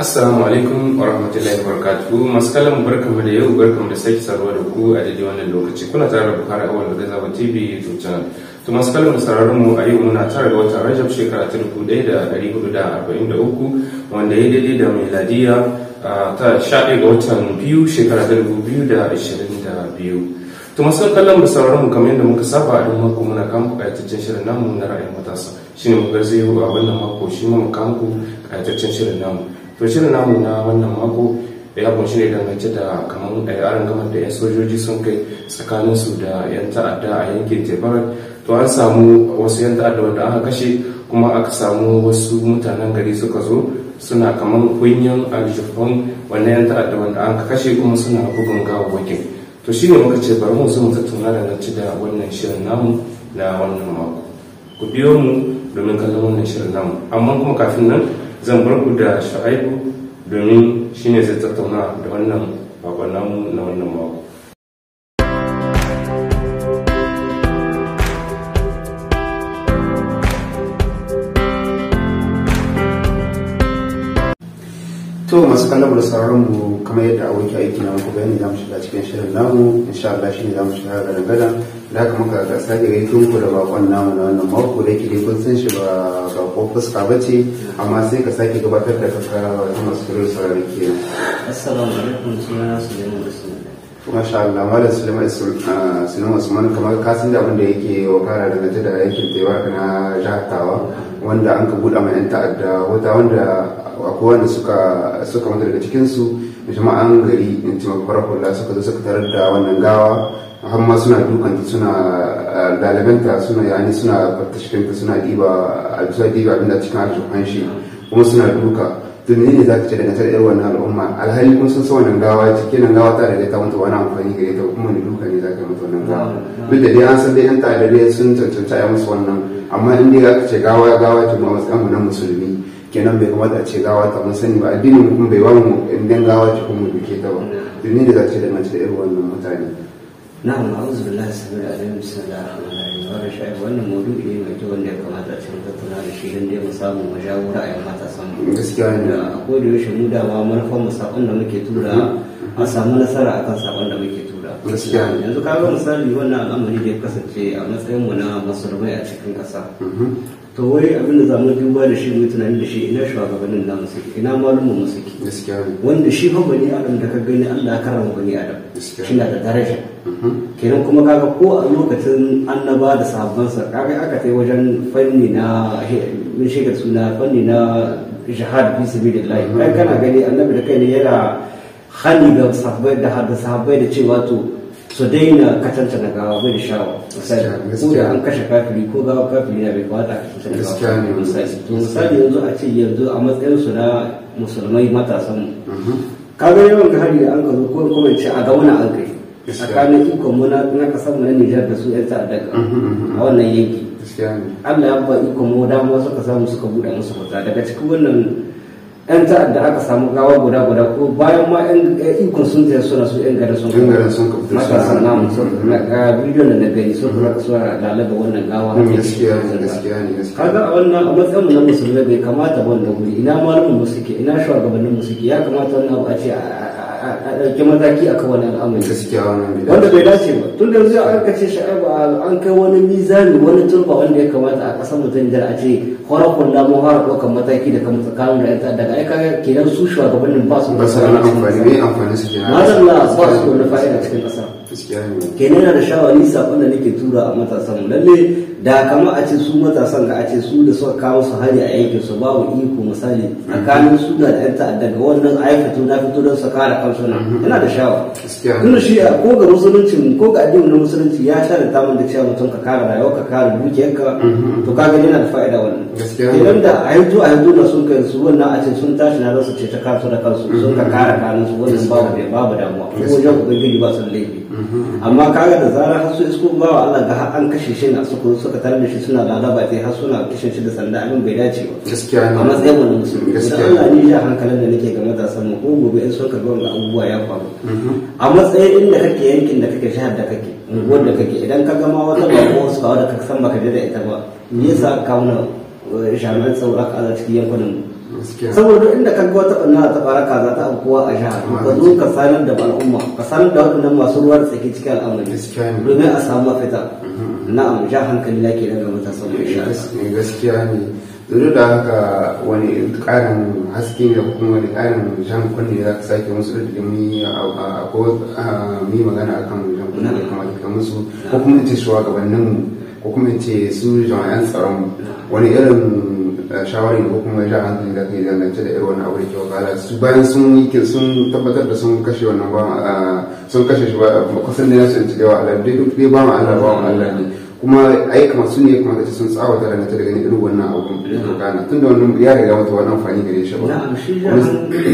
Assalamu alaikum wa rahmatullahi wa barakatuhu masu kallon barkan da yau barkan da sake saruwa da ku a daidai wannan lokaci kuna tare da Bukhari Awal da Gazawa TV YouTube channel to masu kallon sararin mu a yau muna tare da wata Rajab shekara ta uku, wanda ya daidai da miladiya ta 11 ga watan biyu shekara ta biyu. to masu kallon mu sararin mu kamar yadda muka saba a mako muna kan kayataccen shirin namu na ra'ayin matasa shine mu garzayo a wannan mako shi mu kan kayataccen shirin namu to shirin namu na wannan mako ya kunshi ne dangance da kamar eh, ayyukan gamar da 'yan sojoji sun kai tsakanin su da 'yan ta'adda a yankin tebaran to an samu wasu 'yan ta'adda wanda aka kashe kuma aka samu wasu mutanen gari suka zo suna kamar kunyan aljufan wannan 'yan ta'adda wanda aka kashe kuma suna bugun gawawwakin to shine muka ce bari mu zo mu tattauna dangance da wannan shirin namu na wannan mako ku biyo mu domin kallon wannan shirin namu amma kuma kafin nan zan bar ku da shaibu domin shine zai tattauna da wannan bakon namu na wannan mako to masu kallon da sauraron mu kamar yadda abokin aiki na muku bayani za mu shiga cikin shirin namu insha Allah shine za mu shiga gadan gadan da kuma ga ga sake gaikin ku da bakon namu na wannan mako da yake dai kun san shi ba ga fuska ka bace amma sai ka sake gabatar da kanka ga masu kallon sauraron ke assalamu alaikum sunana sulaiman Usman masha Allah malam Suleiman ah, Suleiman Usman kamar ka san da abin da yake wakara daga da aikin taiwa na jahatawa wanda an ka buɗa ma 'yan ta'adda wata wanda akwai wanda suka suka mutu daga cikinsu jama'an gari in ci mafarar hula suka zo suka tarar da wannan gawa har ma suna dukanta suna dalibanta eh, suna yani suna fatashkinta suna diba eh, a bisa diba abinda cikin harshen shi kuma suna duka to ne ne za ta ce da tare irin wannan al'umma alhali kun sun wannan gawa cikin nan gawa ta da ta mutu wani amfani gare ta kuma ne duka ne za ka mutu wannan gawa duk da dai an san dai yan dai sun cancanta ya musu wannan amma in dai aka ce gawa gawa ce ba wasu na musulmi kenan bai kamata a ce gawa ta mun sani ba addini kuma bai wani mu dan gawa ta kuma duke ta ba ni da za ce mace da irin wannan mutane na'am a'udhu billahi samir alim bismillahir rahmanir rahim wa rasha'i wannan maudu'i ne mai kyau wanda ya kamata a ce mun tattauna da shi dan dai mu samu mu jawo ra'ayin samu. mu gaskiya ne a koda yaushe mu dama manufar mu sakon da muke tura an samu nasara akan sakon da muke tura gaskiya yanzu kaga misali wannan al'amari da ya kasance a matsayin mu na musulmai a cikin ƙasa mm-hmm. to wai abin da zamu duba da shi mu tunani da shi ina shugabannin namu suke ina malumin mu suke wanda shi fa bani adam da ka gani Allah ya karama bani adam shi na da daraja mhm. kenan kuma kaga ko a lokacin annaba da sahabbansa kaga aka kai wajen fanni na mun shiga suna fanni na jihad fi sabilillah kai kana gani annabi da kai ne yana hali da sahabbai da sahabbai da cewa to su daina katanta na gawa bai da shawa misali ko da an kashe kafiri ko gawa kafiri na bai kwata a misali yanzu a ce yanzu a matsayin su na musulmai matasan mu mhm. kaga yawan hari da an ka zo ko kuma ce a ga wani an kai tsakanin ikon mu na kasar mu na Nijar da su yan ta'adda mhm, mhm, a wannan yanki Allah ya ba ikon mu dama suka samu suka buɗe musu fita daga cikin wannan 'yan ta'adda aka samu gawa guda guda ko bayan ma 'yan ikon sun zai suna su 'yan garin sun kafa sun kafa matasan namu ga da na gari sun kuma suna lalaba wannan gawa gaskiya ne gaskiya ne kaga a wannan a matsayin mu na musulmai bai kamata ba wannan wuri ina malamin mu suke ina shugabannin mu suke ya kamata wannan abu a ce a a ɗauki mataki a kan wannan al'amari gaskiya wannan wanda bai dace ba tun da yanzu an kace sha'abu an kai wani mizani wani turba wanda ya kamata a ƙasar mutum da a ce horakun da mu fara ɗaukar mataki da kan tsakanin da ita daga aika kenan su shugabannin ba su da amfani ba su da fa'ida cikin ƙasa kenan da shawari sakon da nake tura a matasan mu lalle da kama a ce su matasan ga a ce su da suka kawo su hari a yankin su babu iko misali a kanin su da yan ta'adda ga wannan ai fito na fito don su kare kansu na mm-hmm. yana da shawa. tunda shi ko ga musulunci ko ga addini na musulunci ya tare ta mun da cewa mutum ka kare rayuwa ka kare ka. Mm-hmm. to kaga yana da fa'ida wannan idan da a yanzu a yanzu da sun kai su wannan a ce sun tashi na za su ce ta kansu da kansu sun ka mm-hmm. kare kansu wannan babu babu damuwa ko wajen ubangiji ba su laifi amma kaga da zarar har su isko bawa Allah ga an kashe shi na suka suka tare da shi suna lalaba sai har suna kishin shi da sanda abin bai dace ba gaskiya a matsayin wani musulmi gaskiya Allah ne ya hankalin da nake ga matasan mu ko gobe in sun karbi wannan abubuwa ya faru mhm. a matsayin inda kake yankin da kake shahar da kake unguwar da kake idan ka gama wata ba ko su ka wada ka san baka da ita ba me yasa ka kawo na eh, jami'an tsaro ala cikin yankunan mu saboda inda ka ga wata ɓanna ta fara kaza ta abuwa a jihar ka zo ka sanar da al'umma ka sanar da waɗannan masu ruwa da tsaki cikin al'amari domin a samu mafita mm-hmm. na'am ja hankali ya ke daga matasa mai gaskiya ne duk da haka wani ƙarin haske da kuma wani ƙarin jan kunne za ka sake musu da mu a ko mi magana akan jan kunne da kamar ka musu ko kuma in ce shugabannin ko kuma in ce su jama'an tsaron wani irin shawarin ko kuma ja hankali da kai dangance da irin wannan abu da ke wakala su bayan sun yi sun tabbatar da sun kashe wannan ba ah, sun kashe shi ba kusan da ya sun ci Allah dai duk dai ba ma Allah ba ma Allah ne kuma ai kamar sun ne kuma kace sun tsawata da ta daga irin wannan abu da ya kana tunda wannan ya riga mata wannan amfani gare shi ba na shi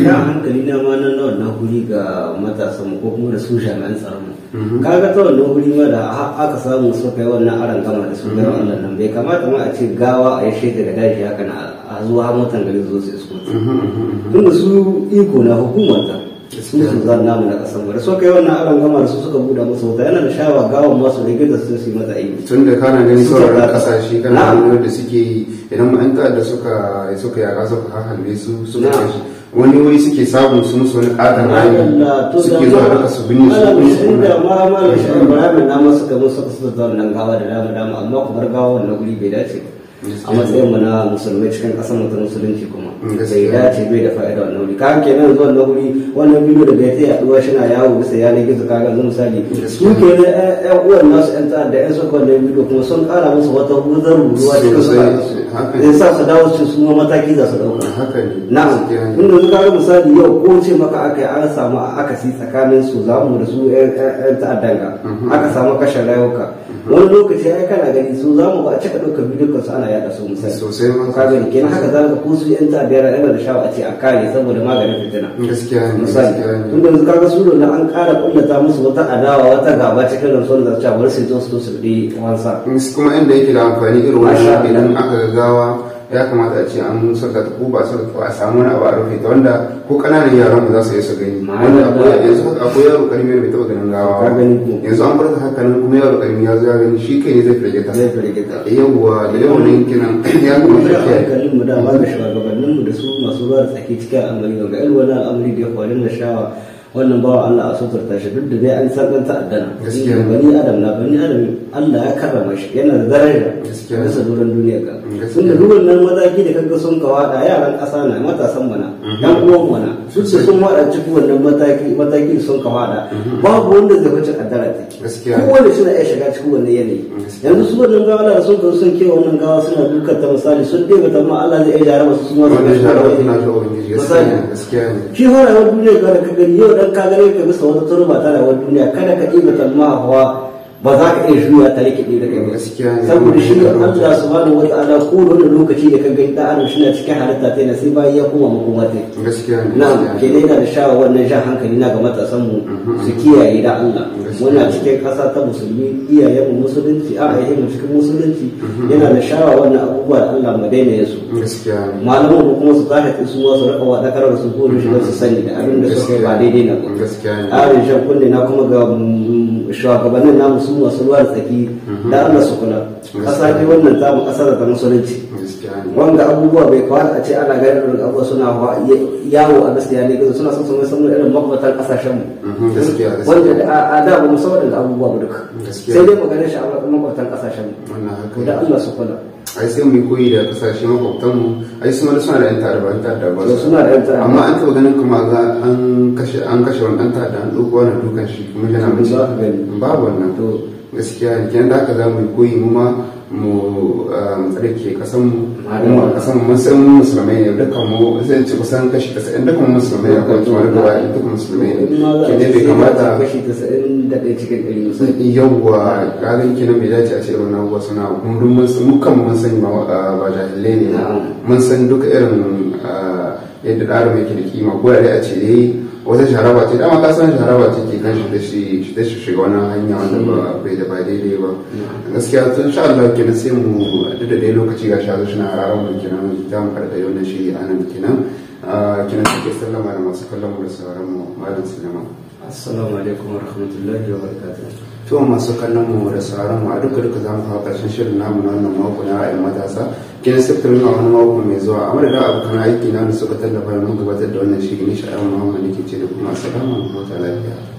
da hankali na ma nan wannan huri ga matasan ko kuma da su jami'an tsaron mu mhm. kaga ta wannan huri ma da aka samu su kai wannan aran gama da su garin mhm. Allah nan bai kamata ma a ce gawa a yi shaida da daji haka na a zuwa motan gari zo su kuma mhm, tunda su iko na hukumar ta su ne zan namu na kasan bari so kai wannan aran gama da su suka buɗe masa wuta yana da shawa gawan masu rage da su su yi mata aiki tun da kana gani sauraron kasashe kana ganin da suke yi idan ma'an da suka suka yara suka hahalbe su suka kashe wani wuri suke samun su musu wani ƙaton hali suke zuwa haka su binne su kuma su kuma da ma ma da shi ba na masu kamar suka suka zauna nan gawa da dama dama amma kuma gawa wannan wuri bai dace ba a matsayin mu na musulmai cikin ƙasar mu ta musulunci kuma ya ce bai da fa'ida wannan wuri kaga kenan zuwa na wuri wannan bidiyo da ya tsaya duwa shi na yawo bisa yanar gizo kaga zan misali su ke ne ƴan uwan nasu ƴan ta'ad da ƴan suka wannan bidiyo kuma sun ƙara musu wata guzar ruwa da ta zai sa su dawo su su mataki za su ɗauka na'am inda su kaga misali yau ko ce maka aka yi an samu akasi tsakanin su zamu da su ƴan ta'addan ga mhm. aka samu kashe rayuka wani lokaci ai kana gani su zamu ba a cika ɗaukar bidiyon su ana ya sosai ma ka gani kenan haka za ka yan tabiya da yana da shawa a ce a kare saboda maganin fitina gaskiya ne misali tun da ka ga da an ƙara kullata musu wata adawa wata gaba cikin rantsuwar da su to su su bi wansa kuma inda yake da amfani irin wannan idan aka ya kamata a ce an saka ta ko ba saka a samu wani abu a rufe ta wanda ko kananan yaran mu za su yi su gani wanda akwai yanzu akwai yaro karmi da bai taɓa ganin gawa yanzu an bar ta haka nan kuma yaro karmi ya zo ya gani shi kai ne zai firgita zai firgita yawwa da yawan nan kinan ya kamata a kiyaye kallon mu da ma da shugabannin mu da su masu ruwa da tsaki cikin al'amari ga irin wannan al'amari da ya faru na shawa wannan bawa Allah a suturta shi duk da dai an san ɗan ta'addana bani adam na bani adam Allah ya karrama shi yana da daraja bisa duran duniya ka sun da duran nan mazaki da kanka sun kawa da yaran ƙasa na matasan mana dan mhm. uwan mana su ce sun wada cikin wannan mataki mataki sun kawa da mhm. babu wanda zai wuce kaddara ta kowanne suna iya shiga cikin wannan yanayi yanzu su wannan gawa da sun kawo sun kewa wannan gawa suna dukkan ta misali sun dai ta ma Allah zai iya jara masu su ma su ga shi misali shi fara yau duniya ga ka gani yau ka gane ka bisa wata turba ta rayuwar duniya kada ka ɗiba talma hawa ba za ka iya juya ta rikide da kai saboda shi ne Allah wata ala, ko wani lokaci da ka gani da adam shi na cikin halitta ta sai bayan ya koma mako ta na'am ke yana da sha wannan jan hankali na ga matasan mu mhm. su kiyaye da Allah muna cikin kasa ta musulmi iyayen mu musulunci a iyayen mu cikin musulunci mhm. yana da sha wannan abubuwa da Allah mu daina yasu malaman mu kuma su tsaka su ma su raka wa dakarar su ko su mhm. sani da abin da suke ba daidai na ba arin shan kunne na kuma ga shugabannin namu su wasu ruwa da tsaki mhm. da Allah su kula kasa ce wannan ta mu kasar da musulunci wanda abubuwa bai kawar a ce ana gani da abubuwa suna yawo a gaskiya ne gizo suna sun samun irin makwatar kasashen mu mhm, wanda a da ba mu san waɗanda abubuwa ba duka sai dai maganin ganin shi a makwabtan kasashen mu da Allah su kula ai sai mu koyi da kasashe mu ai su ma suna da yan ta'adda ba yan ta'adda ba suna da yan ta'adda amma an taɓa ganin kuma za an kashe an kashe wani ɗan ta'adda an ɗauko wani dukan shi kuma yana mace ba wannan gaskiya ne kenan da aka za mu koyi mu ma mu um, tsarki kasan mu kuma kasan mun san mu musulmai ne duka mu zai ci kusan kashi 90 dukkan musulmai ne akwai tuwa da wani duka musulmai ne ne bai kamata kashi 90 da ɗaya cikin ɗari musulmai yawwa kalin kina bai dace a ce wannan abubuwa suna gundun mun san muka mun san uh, ba jahilai ne mun san duka irin uh, yadda ɗarin mai kirki ma ko da a ce dai wata jaraba ce dama ka san jaraba ce ke kanshi da shi da shi shiga wani hanya wanda ba mm. bai da ba daidai ba mm. gaskiya tun sha Allah kenan sai mu duk da dai lokaci ga shazo shi na hararar mu kenan za mu karɓa yau na shi a nan kenan ah, kenan take sallama da masu kallon mu da sauran mu malam sulaiman assalamu alaikum warahmatullahi wabarakatuh tuwa masu kallon mu da sauraron mu a duka duka za mu kawo karshen shirin namu na wannan mako na ra'ayin matasa kina siftar a wani mako mai zuwa a madadin abokan aiki na da suka tallafa mun gabatar da wannan shirin insha Allah Muhammad ke ce da kuma assalamu alaikum wa lafiya